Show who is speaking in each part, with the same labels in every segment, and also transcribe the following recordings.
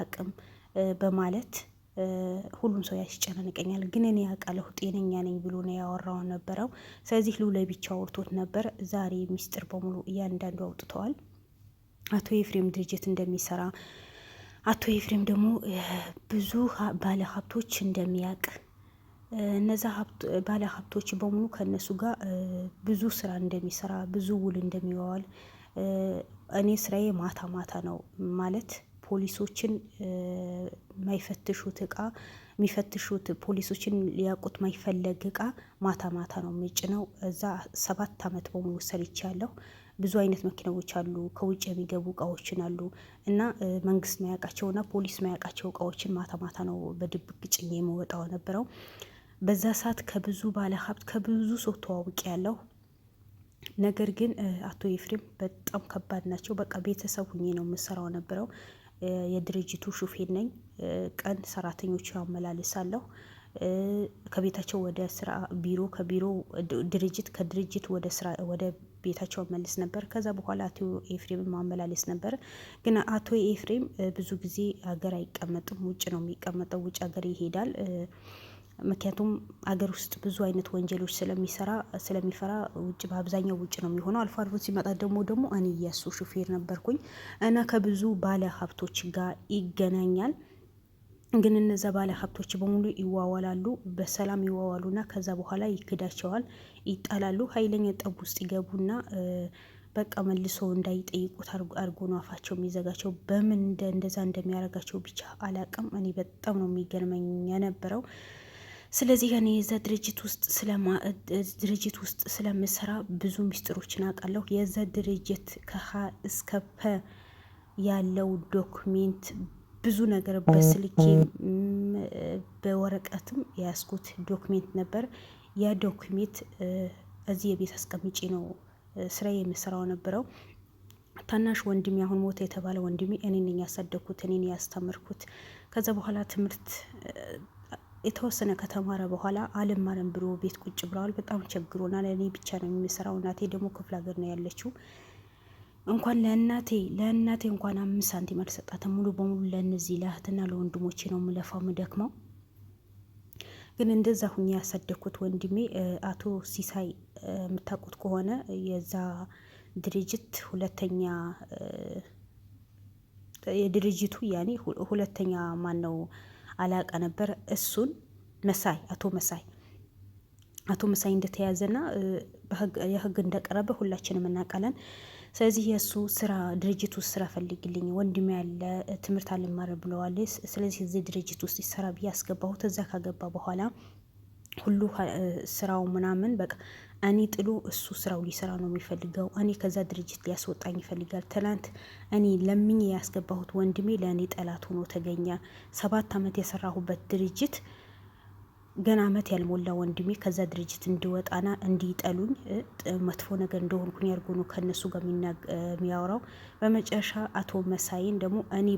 Speaker 1: አታውቅም በማለት ሁሉም ሰው ያስጨናንቀኛል፣ ግን እኔ ያውቃለሁ ጤነኛ ነኝ ብሎ ነው ያወራው ነበረው። ስለዚህ ሉላ ብቻ አውርቶት ነበር። ዛሬ ሚስጥር በሙሉ እያንዳንዱ አውጥተዋል። አቶ ኤፍሬም ድርጅት እንደሚሰራ አቶ ኤፍሬም ደግሞ ብዙ ባለ ሀብቶች እንደሚያውቅ እነዛ ባለ ሀብቶች በሙሉ ከእነሱ ጋር ብዙ ስራ እንደሚሰራ ብዙ ውል እንደሚዋዋል እኔ ስራዬ ማታ ማታ ነው ማለት ፖሊሶችን የማይፈትሹት እቃ የሚፈትሹት ፖሊሶችን ሊያውቁት ማይፈለግ እቃ ማታ ማታ ነው ነው። እዛ ሰባት አመት በሙሉ ሰርቻለሁ። ብዙ አይነት መኪናዎች አሉ፣ ከውጭ የሚገቡ እቃዎችን አሉ እና መንግስት ማያውቃቸውና ፖሊስ ማያውቃቸው እቃዎችን ማታ ማታ ነው በድብቅ ጭኜ የመወጣው ነበረው። በዛ ሰዓት ከብዙ ባለሀብት ከብዙ ሰው ተዋውቅ ያለው ነገር ግን አቶ ኤፍሬም በጣም ከባድ ናቸው። በቃ ቤተሰብ ሁኜ ነው የምሰራው ነበረው። የድርጅቱ ሹፌር ነኝ። ቀን ሰራተኞች አመላልሳለሁ። ከቤታቸው ወደ ስራ ቢሮ ከቢሮ ድርጅት ከድርጅት ወደ ስራ ወደ ቤታቸው አመልስ ነበር። ከዛ በኋላ አቶ ኤፍሬም ማመላለስ ነበር። ግን አቶ ኤፍሬም ብዙ ጊዜ ሀገር አይቀመጥም፣ ውጭ ነው የሚቀመጠው። ውጭ ሀገር ይሄዳል። ምክንያቱም አገር ውስጥ ብዙ አይነት ወንጀሎች ስለሚሰራ ስለሚፈራ ውጭ በአብዛኛው ውጭ ነው የሚሆነው። አልፎ አልፎ ሲመጣ ደግሞ ደግሞ እኔ የእሱ ሹፌር ነበርኩኝ እና ከብዙ ባለ ሀብቶች ጋር ይገናኛል። ግን እነዛ ባለ ሀብቶች በሙሉ ይዋዋላሉ፣ በሰላም ይዋዋሉና ከዛ በኋላ ይክዳቸዋል፣ ይጣላሉ። ኃይለኛ ጠብ ውስጥ ይገቡና በቃ መልሶ እንዳይጠይቁት አርጎ ነው አፋቸው የሚዘጋቸው። በምን እንደዛ እንደሚያደርጋቸው ብቻ አላቅም። እኔ በጣም ነው የሚገርመኝ የነበረው። ስለዚህ እኔ የዛ ድርጅት ውስጥ ድርጅት ውስጥ ስለምሰራ ብዙ ሚስጥሮችን አውቃለሁ። የዛ ድርጅት ከሀ እስከ ፐ ያለው ዶክሜንት ብዙ ነገር በስልኬ በወረቀትም የያዝኩት ዶክሜንት ነበር። ያ ዶክሜንት እዚህ የቤት አስቀምጬ ነው ስራ የምሰራው ነበረው። ታናሽ ወንድሜ አሁን ሞተ የተባለ ወንድሜ እኔን ያሳደግኩት እኔን ያስተምርኩት ከዛ በኋላ ትምህርት የተወሰነ ከተማረ በኋላ አለም አለም ብሎ ቤት ቁጭ ብለዋል። በጣም ቸግሮናል፣ እኔ ብቻ ነው የሚሰራው። እናቴ ደግሞ ክፍለ ሀገር ነው ያለችው። እንኳን ለእናቴ ለእናቴ እንኳን አምስት ሳንቲም አልሰጣትም። ሙሉ በሙሉ ለእነዚህ ለእህትና ለወንድሞቼ ነው ምለፋው ምደክመው። ግን እንደዛ ሁኝ ያሳደግኩት ወንድሜ አቶ ሲሳይ የምታውቁት ከሆነ የዛ ድርጅት ሁለተኛ የድርጅቱ ያኔ ሁለተኛ ማን ነው አላቃ ነበር። እሱን መሳይ አቶ መሳይ አቶ መሳይ እንደተያዘና የህግ እንደቀረበ ሁላችንም እናውቃለን። ስለዚህ የእሱ ስራ ድርጅት ውስጥ ስራ ፈልግልኝ ወንድም ያለ ትምህርት አልማር ብለዋል። ስለዚህ እዚህ ድርጅት ውስጥ ይሰራ ብዬ አስገባሁት። እዛ ካገባ በኋላ ሁሉ ስራው ምናምን በቃ እኔ ጥሎ እሱ ስራው ሊሰራ ነው የሚፈልገው። እኔ ከዛ ድርጅት ሊያስወጣኝ ይፈልጋል። ትላንት እኔ ለምኝ ያስገባሁት ወንድሜ ለእኔ ጠላት ሆኖ ተገኘ። ሰባት አመት የሰራሁበት ድርጅት ገና አመት ያልሞላ ወንድሜ ከዛ ድርጅት እንዲወጣና እንዲጠሉኝ መጥፎ ነገር እንደሆንኩኝ አድርጎ ነው ከእነሱ ጋር የሚያወራው። በመጨረሻ አቶ መሳይን ደግሞ እኔ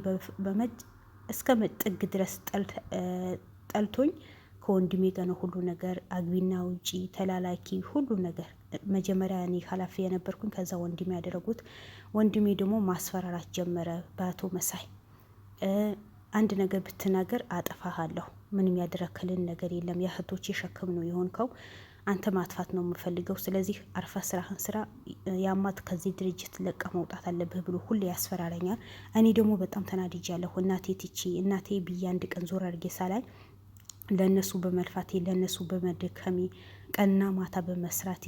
Speaker 1: እስከ ጥግ ድረስ ጠልቶኝ ከወንድሜ ጋር ነው ሁሉ ነገር አግቢና ውጪ ተላላኪ ሁሉ ነገር መጀመሪያ እኔ ኃላፊ የነበርኩኝ ከዛ ወንድሜ ያደረጉት። ወንድሜ ደግሞ ማስፈራራት ጀመረ በአቶ መሳይ አንድ ነገር ብትናገር አጠፋሃለሁ። ምንም ያደረክልን ነገር የለም። የእህቶቼ የሸክም ነው የሆንከው። አንተ ማጥፋት ነው የምፈልገው። ስለዚህ አርፈ ስራህን ስራ። ያማት ከዚህ ድርጅት ለቀ መውጣት አለብህ ብሎ ሁሉ ያስፈራረኛል። እኔ ደግሞ በጣም ተናድጃለሁ። እናቴ ትቼ እናቴ ብዬ አንድ ቀን ዞር አድርጌ ሳላይ ለእነሱ በመልፋቴ ለእነሱ በመደከሜ ቀንና ማታ በመስራቴ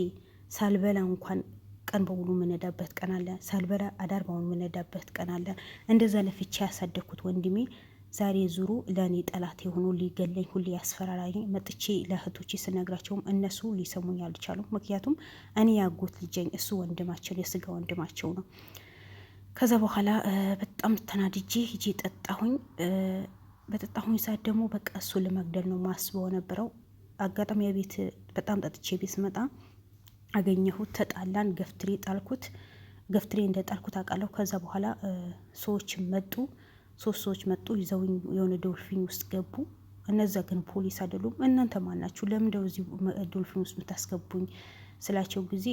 Speaker 1: ሳልበላ እንኳን ቀን በሙሉ የምነዳበት ቀን አለ። ሳልበላ አዳርባውን በሙሉ የምነዳበት ቀን አለ። እንደዛ ለፍቼ ያሳደግኩት ወንድሜ ዛሬ ዙሩ ለእኔ ጠላት የሆኑ ሊገለኝ ሁሌ ያስፈራራኝ መጥቼ ለእህቶቼ ስነግራቸውም እነሱ ሊሰሙኝ አልቻሉ። ምክንያቱም እኔ ያጎት ልጀኝ እሱ ወንድማቸው የስጋ ወንድማቸው ነው። ከዛ በኋላ በጣም ተናድጄ ሂጄ ጠጣሁኝ። በጠጣሁኝ ሰዓት ደግሞ በቃ እሱ ለመግደል ነው ማስበው ነበረው። አጋጣሚ የቤት በጣም ጠጥቼ ቤት ስመጣ አገኘሁት። ተጣላን። ገፍትሬ ጣልኩት። ገፍትሬ እንደ ጣልኩት አውቃለሁ። ከዛ በኋላ ሰዎች መጡ። ሶስት ሰዎች መጡ። ይዘውኝ የሆነ ዶልፊን ውስጥ ገቡ። እነዛ ግን ፖሊስ አይደሉም። እናንተ ማናችሁ? ለምን እንደዚህ ዶልፊን ውስጥ የምታስገቡኝ? ስላቸው ጊዜ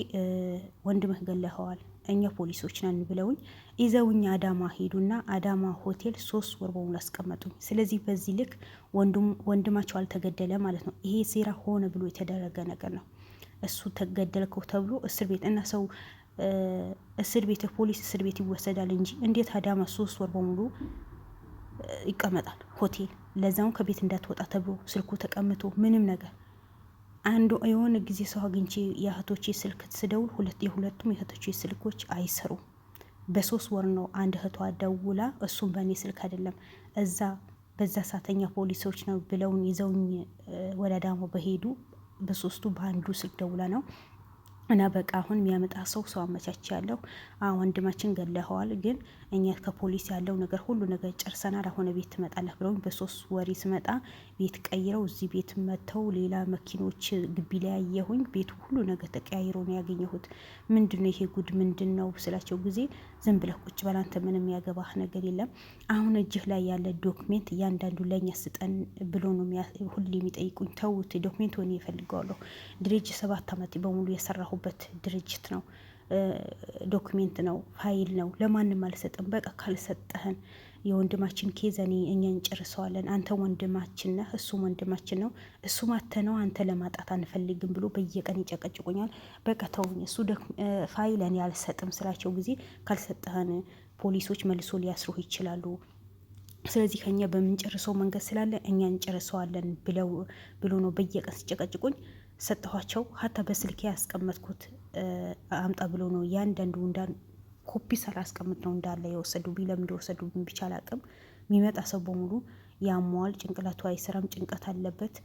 Speaker 1: ወንድምህ ገለኸዋል፣ እኛ ፖሊሶች ነን ብለውኝ ይዘውኝ አዳማ ሄዱና አዳማ ሆቴል ሶስት ወር በሙሉ አስቀመጡኝ። ስለዚህ በዚህ ልክ ወንድማቸው አልተገደለ ማለት ነው። ይሄ ሴራ ሆነ ብሎ የተደረገ ነገር ነው። እሱ ተገደልከው ተብሎ እስር ቤት እና ሰው እስር ቤት ፖሊስ እስር ቤት ይወሰዳል እንጂ እንዴት አዳማ ሶስት ወር በሙሉ ይቀመጣል ሆቴል? ለዛውን ከቤት እንዳትወጣ ተብሎ ስልኩ ተቀምቶ ምንም ነገር አንዱ የሆነ ጊዜ ሰው አግኝቼ የእህቶቼ ስልክ ስደውል ሁለት የሁለቱም የእህቶቼ ስልኮች አይሰሩም። በሶስት ወር ነው አንድ እህቷ ደውላ እሱም በእኔ ስልክ አይደለም እዛ በዛ ሳተኛ ፖሊሶች ነው ብለውን ይዘውኝ ወደ አዳማ በሄዱ በሶስቱ በአንዱ ስልክ ደውላ ነው እና በቃ አሁን የሚያመጣ ሰው ሰው አመቻች ያለው ወንድማችን ገለኸዋል፣ ግን እኛ ከፖሊስ ያለው ነገር ሁሉ ነገር ጨርሰናል። አሁን ቤት ትመጣለህ ብለው በሶስት ወሬ ስመጣ ቤት ቀይረው እዚህ ቤት መጥተው ሌላ መኪኖች ግቢ ላይ ያየሁኝ ቤቱ ሁሉ ነገር ተቀያይሮ ነው ያገኘሁት። ምንድን ነው ይሄ ጉድ ምንድን ነው ስላቸው ጊዜ ዝም ብለህ ቁጭ በል አንተ ምንም ያገባህ ነገር የለም። አሁን እጅህ ላይ ያለ ዶክሜንት እያንዳንዱ ለእኛ ስጠን ብሎ ነው ሁሌ የሚጠይቁኝ። ተውት ዶክሜንት ሆኔ ይፈልገዋለሁ። ድሬጅ ሰባት አመት በሙሉ የሰራሁ የተላኩበት ድርጅት ነው፣ ዶክሜንት ነው፣ ፋይል ነው። ለማንም አልሰጥም። በቃ ካልሰጠህን የወንድማችን ኬዘኔ እኔ እኛ እንጨርሰዋለን። አንተ ወንድማችን ነህ፣ እሱም ወንድማችን ነው። እሱ ማተ ነው። አንተ ለማጣት አንፈልግም ብሎ በየቀን ይጨቀጭቁኛል። በቃ ተውኝ፣ እሱ ፋይል እኔ አልሰጥም ስላቸው ጊዜ ካልሰጠህን ፖሊሶች መልሶ ሊያስሩህ ይችላሉ። ስለዚህ ከኛ በምንጨርሰው መንገድ ስላለ እኛ እንጨርሰዋለን ብለው ብሎ ነው በየቀን ሲጨቀጭቁኝ ሰጠኋቸው። ሀታ በስልኬ ያስቀመጥኩት አምጣ ብሎ ነው ያንዳንዱ እንዳን ኮፒ ሳላስቀምጥ ነው እንዳለ የወሰዱብኝ። ለምን እንደወሰዱብኝ ብቻ አላቅም። የሚመጣ ሰው በሙሉ ያሟዋል፣ ጭንቅላቱ አይሰራም፣ ጭንቀት አለበት፣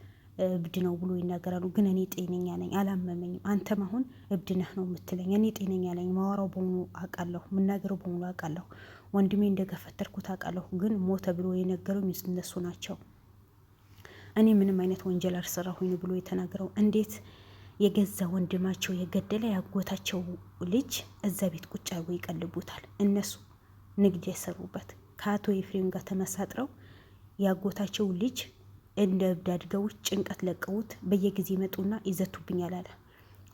Speaker 1: እብድ ነው ብሎ ይናገራሉ። ግን እኔ ጤነኛ ነኝ፣ አላመመኝም። አንተም አሁን እብድ ነህ ነው የምትለኝ። እኔ ጤነኛ ነኝ። ማወራው በሙሉ አውቃለሁ፣ የምናገረው በሙሉ አውቃለሁ። ወንድሜ እንደገፈተርኩት አውቃለሁ። ግን ሞተ ብሎ የነገሩኝ እነሱ ናቸው። እኔ ምንም አይነት ወንጀል አልሰራሁኝ ብሎ የተናገረው እንዴት የገዛ ወንድማቸው የገደለ ያጎታቸው ልጅ እዛ ቤት ቁጭ አርጎ ይቀልቡታል። እነሱ ንግድ የሰሩበት ከአቶ ኤፍሬም ጋር ተመሳጥረው ያጎታቸው ልጅ እንደ እብድ ጭንቀት ለቀውት በየጊዜ መጡና ይዘቱብኛል አለ።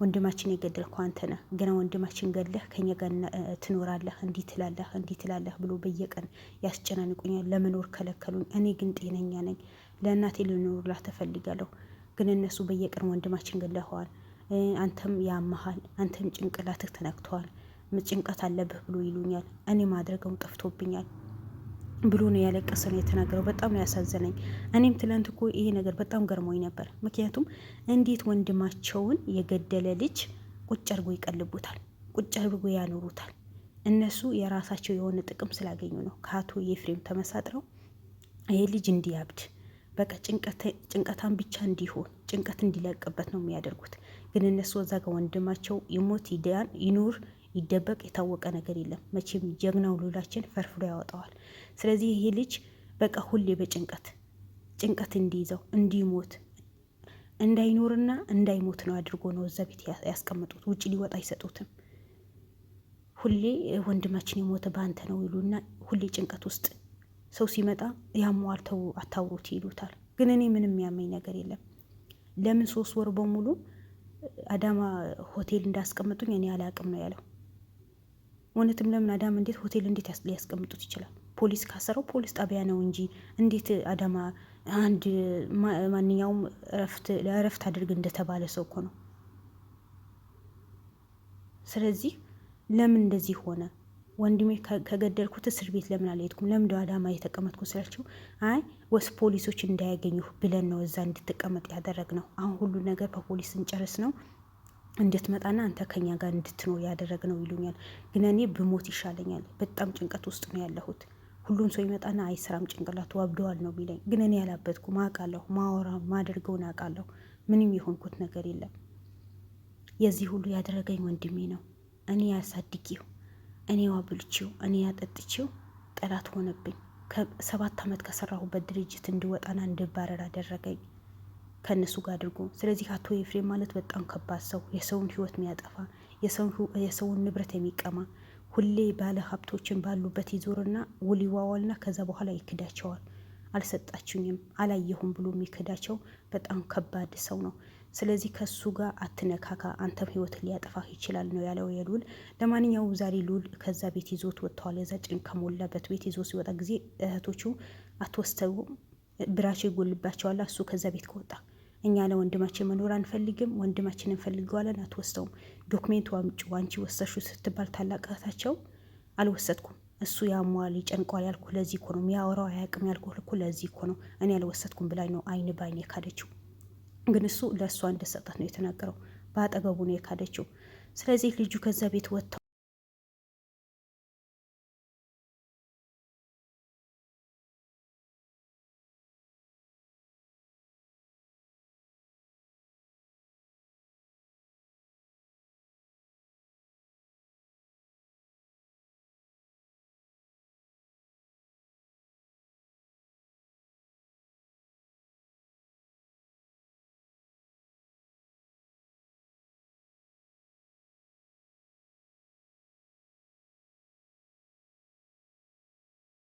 Speaker 1: ወንድማችን የገደልከው አንተ ነህ፣ ገና ወንድማችን ገለህ ከኛ ጋር ትኖራለህ፣ እንዲህ ትላለህ፣ እንዲህ ትላለህ ብሎ በየቀን ያስጨናንቁኛል። ለመኖር ከለከሉኝ። እኔ ግን ጤነኛ ነኝ ለእናቴ ልኖርላት ተፈልጋለሁ። ግን እነሱ በየቀን ወንድማችን ገለኸዋል። አንተም ያመሃል አንተም ጭንቅላትህ ተነክተዋል። ጭንቀት አለብህ ብሎ ይሉኛል እኔ ማድረገው ጠፍቶብኛል። ብሎ ነው ያለቀሰ ነው የተናገረው። በጣም ነው ያሳዘነኝ። እኔም ትላንት እኮ ይሄ ነገር በጣም ገርሞኝ ነበር። ምክንያቱም እንዴት ወንድማቸውን የገደለ ልጅ ቁጭ አድርጎ ይቀልቡታል፣ ቁጭ አድርጎ ያኖሩታል። እነሱ የራሳቸው የሆነ ጥቅም ስላገኙ ነው ከአቶ የፍሬም ተመሳጥረው ይሄ ልጅ እንዲያብድ በቃ ጭንቀታን ብቻ እንዲሆን ጭንቀት እንዲለቅበት ነው የሚያደርጉት። ግን እነሱ እዛ ጋር ወንድማቸው ይሞት ይዳን ይኑር ይደበቅ የታወቀ ነገር የለም። መቼም ጀግናው ሉላችን ፈርፍሮ ያወጣዋል። ስለዚህ ይሄ ልጅ በቃ ሁሌ በጭንቀት ጭንቀት እንዲይዘው እንዲሞት እንዳይኖርና እንዳይሞት ነው አድርጎ ነው እዛ ቤት ያስቀምጡት። ውጭ ሊወጣ አይሰጡትም። ሁሌ ወንድማችን የሞተ በአንተ ነው ይሉና ሁሌ ጭንቀት ውስጥ ሰው ሲመጣ ያመዋል ተው አታውሩት ይሉታል። ግን እኔ ምንም የሚያመኝ ነገር የለም። ለምን ሶስት ወር በሙሉ አዳማ ሆቴል እንዳስቀምጡኝ እኔ አላቅም ነው ያለው። እውነትም ለምን አዳማ እንዴት ሆቴል እንዴት ሊያስቀምጡት ይችላል? ፖሊስ ካሰረው ፖሊስ ጣቢያ ነው እንጂ እንዴት አዳማ አንድ ማንኛውም እረፍት አድርግ እንደተባለ ሰው እኮ ነው። ስለዚህ ለምን እንደዚህ ሆነ? ወንድሜ ከገደልኩት እስር ቤት ለምን አልሄድኩም? ለምን ደው አዳማ የተቀመጥኩ ስላቸው፣ አይ ወስ ፖሊሶች እንዳያገኙ ብለን ነው እዛ እንድትቀመጥ ያደረግ ነው። አሁን ሁሉ ነገር በፖሊስ እንጨርስ ነው እንድትመጣና አንተ ከኛ ጋር እንድትኖር ያደረግ ነው ይሉኛል። ግን እኔ ብሞት ይሻለኛል። በጣም ጭንቀት ውስጥ ነው ያለሁት። ሁሉም ሰው ይመጣና አይ ስራም ጭንቅላቱ አብደዋል ነው ቢለኝ፣ ግን እኔ ያላበትኩም አውቃለሁ። ማወራ ማደርገውን አውቃለሁ። ምንም የሆንኩት ነገር የለም። የዚህ ሁሉ ያደረገኝ ወንድሜ ነው። እኔ ያሳድጌው እኔ ዋብልቼው እኔ ያጠጥቼው ጠላት ሆነብኝ። ሰባት ዓመት ከሰራሁበት ድርጅት እንድወጣና እንድባረር አደረገኝ ከእነሱ ጋር አድርጎ። ስለዚህ አቶ ኤፍሬም ማለት በጣም ከባድ ሰው፣ የሰውን ህይወት የሚያጠፋ የሰውን ንብረት የሚቀማ ሁሌ ባለ ሀብቶችን ባሉበት ይዞርና ውል ይዋዋልና ከዛ በኋላ ይክዳቸዋል። አልሰጣችሁኝም አላየሁም ብሎ የሚክዳቸው በጣም ከባድ ሰው ነው። ስለዚህ ከሱ ጋር አትነካካ፣ አንተም ህይወት ሊያጠፋህ ይችላል ነው ያለው የሉል። ለማንኛውም ዛሬ ሉል ከዛ ቤት ይዞት ወጥተዋል። የዛ ጭን ከሞላበት ቤት ይዞ ሲወጣ ጊዜ እህቶቹ አትወስተውም ብራቸው ይጎልባቸዋል። እሱ ከዛ ቤት ከወጣ እኛ ለወንድማችን መኖር አንፈልግም፣ ወንድማችን እንፈልገዋለን፣ አትወስተውም፣ ዶክሜንቱ አምጪ፣ አንቺ ወሰሹ ስትባል ታላቅ እህታቸው አልወሰድኩም እሱ ያሟል ይጨንቋል ያልኩ ለዚህ እኮ ነው። የሚያወራው አያውቅም ያልኩ ለዚህ እኮ ነው። እኔ አልወሰድኩም ብላኝ ነው አይን ባይን የካደችው። ግን እሱ ለእሷ እንደሰጣት ነው የተናገረው። በአጠገቡ ነው የካደችው። ስለዚህ ልጁ ከዛ ቤት ወጥተው